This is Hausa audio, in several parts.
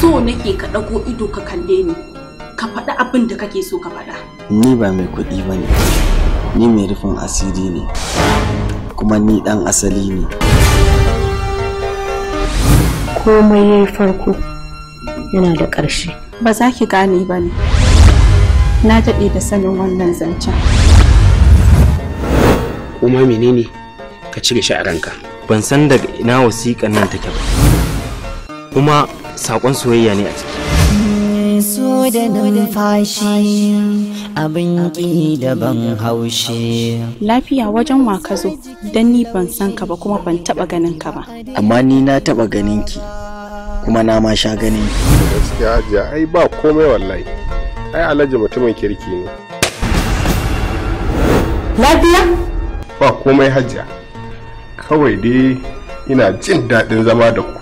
so nake ka ɗago ido ka kalle ni ka faɗi abin da kake so ka faɗa ni ba mai kuɗi ba ne ni mai rufin asiri ne kuma ni ɗan asali ne komai ya yi farko yana da ƙarshe ba za ki gane ba ne na daɗe da sanin wannan zancen kuma menene ka cire shi a ranka ban san daga ina wasiƙan nan take ba kuma sakon soyayya ne a ciki so da numfashi abin ki da ban haushi lafiya wajen wa ka zo don ni ban san ka ba kuma ban taɓa ganin ka ba amma ni na taɓa ganin ki kuma na ma sha ganin ki gaskiya hajiya ai ba komai wallahi ai alhaji mutumin kirki ne lafiya ba komai hajiya kawai dai ina jin daɗin zama da ku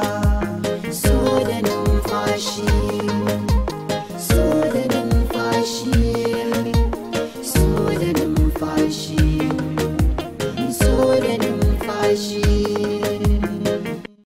也许。